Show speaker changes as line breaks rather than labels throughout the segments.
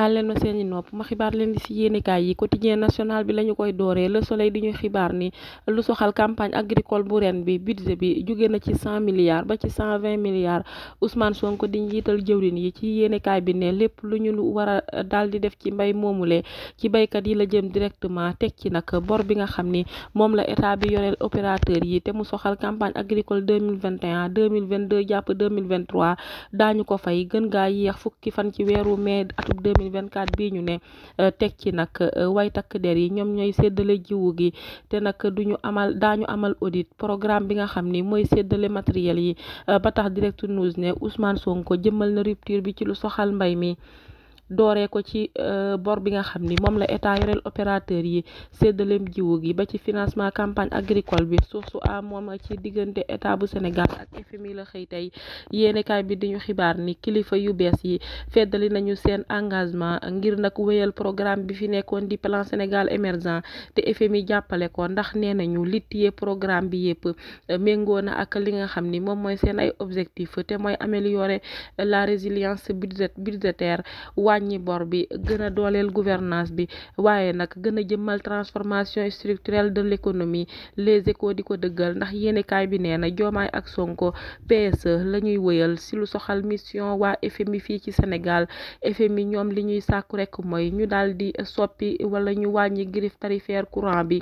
àlleenu seeni nopp ma xibaar leen di si yéenekaay yi quotidien national bi lañu koy dooree le soleil di ñu xibaar ni lu soxal campagne agricole bu ren bi budget bi jóge na ci 100 milliards ba ci 120 milliards Ousmane Sonko di njiital jëwrin yi ci yéenekaay bi ne lépp lu ñu war a daal di def ci mbay moomule ci baykat yi la jëm directement teg ci nag bor bi nga xam ni moom la état bi yoreel opérateur yi te mu soxal campagne agricole 2021 2022 jàpp 2023 daañu ko fay gën gaa yéex fukki fan ci weeru mai 2024 bii ñu ne euh, teg ci nag euh, way takk der yi ñoom ñooy séddale jiwu gi te nag duñu amal daañu amal audit programme bi nga xam ni mooy séddale matériel yi euh, ba tax direct news ne Ousmane Sonko jëmal na rupture bi ci lu soxal mbay mi dooree ko ci euh, bor bi nga xam ni moom la état yoreel opérateur yi séddaleem jiwu gi ba ci financement campagne agricole bi suuf su a moom ci diggante état bu Sénégal ak FMI la xëy tey yéenekaay bi di ñu xibaar ni kilifa yu bees yi feddali nañu seen engagement ngir nag wéyal programme bi fi nekkoon di plan Sénégal émergent te FMI jàppale ko ndax nee nañu litiyee programme bi yëpp euh, méngoo na ak li nga xam ni moom mooy seen ay objectif te mooy améliorer la résilience budgétaire wàññi bor bi gën a dooleel gouvernance bi waaye nag gën a jëmmal transformation structurelle de l'économie les échos di ko dëggal ndax yéenekaay bi nee na Diomaye ak Sonko PSE lañuy woyal wëyal si lu soxal mission waa FMI fii ci Sénégal mi ñoom li ñuy sàkku rek mooy ñu daal di soppi wala ñu wàññi griffe tarifaire courant bi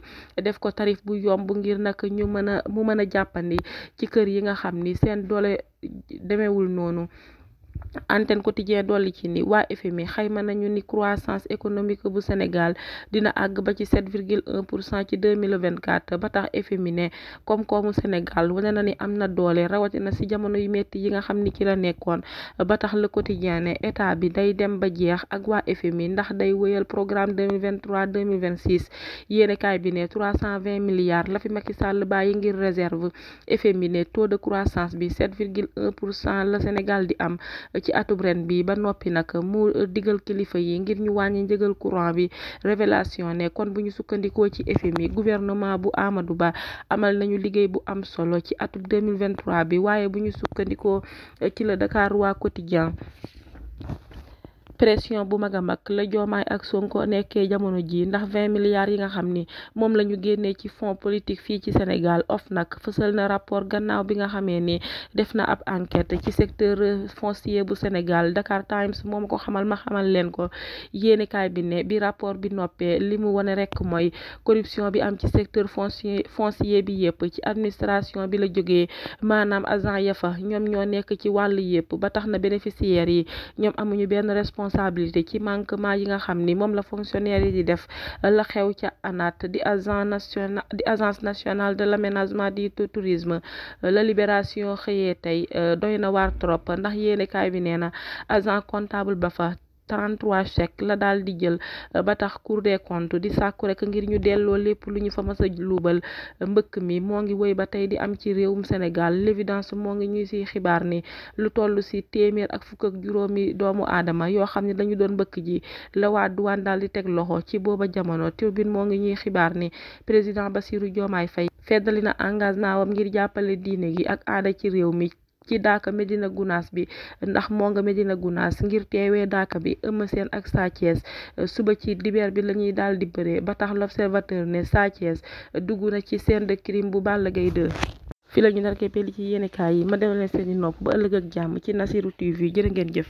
def ko tarif bu yomb ngir nag ñu mën mu mën a jàppandi ci kër yi nga xam ni seen doole demewul noonu antenne quotidien dolli ci ni waa FMI xayma nañu ni croissance économique bu Sénégal dina àgg ba ci 7,1 pour cent ci 2024 ba tax FMI ne koom-koomu Sénégal wane na ni am na doole rawatina si jamono yu metti yi nga xam ni ci la nekkoon ba tax la quotidien ne état bi day dem ba jeex ak waa FMI ndax day wéyal programme 2023 2026 yéenekaay bi ne 320 milliards la fi Macky Sall bàyyi ngir réserve FMI ne taux de croissance bi 7,1 pour cent la Sénégal di am ci atub ren bi ba noppi nag mu digal kilifa yi ngir ñu wàññi njëgal courant bi révélation ne kon bu ñu sukkandikoo ci FMI gouvernement bu Amadou Ba amal nañu liggéey bu am solo ci atub 2023 bi waaye bu ñu sukkandikoo ci la Dakar waa quotidien pression bu mag a mag la joomaay ak Sonko nekkee jamono ji ndax vingt milliards yi nga xam ni moom la ñu génnee ci fonds politique fii ci Sénégal nag fësal na rapport gannaaw bi nga xamee ni def na ab enquête ci secteur foncier bu Sénégal Dakar Times moom ko xamal ma xamal leen ko yéenekaay bi ne bi rapport bi noppee li mu wane rek mooy corruption bi am ci secteur foncier foncier bi yépp ci administration bi la jógee maanaam agent yafa fa ñoo nekk ci wàll yépp ba tax na bénéficiaires yi responsabilité ci manquement yi nga xam ni moom la fonctionnaire yi di def la xew ca ANAT di agent national di agence nationale de l'aménagement du tourisme la libération xëyee tey euh, doy na war trop ndax yéene kaay bi nee na agent comptable ba fa 33 chèques la daal di jël euh, ba tax cour des comptes di sàkku rekk ngir ñu delloo lépp lu ñu fa mas a luubal mbëkk mi moo ngi woy ba tey di am ci réewum Sénégal l'évidence moo ngi ñuy si xibaar ni lu toll si téeméer ak fukk ak juróomi doomu aadama yoo xam ne dañu doon mbëkk ji la waa duwaan daal di teg loxo ci booba jamono turbine moo ngi ñuy xibaar ni président Bassirou Diomaye Faye feddali na engagement wam ngir jàppale diine gi ak aada ci réew mi ci daaka Medina Gunaas bi ndax moo nga Medina Gunaas ngir teewee daaka bi Eumeu seen ak Sa suba ci dibeer bi la ñuy daal di bëree ba tax l'observateur ne Sa dugg na ci seen de crime bu Balla Gaye 2 fi la ñu nar keppeli ci yéenekaay yi ma dem leen seeni nopp ba ëllëg ak jàmm ci Nasirou TV jërë ngeen jëf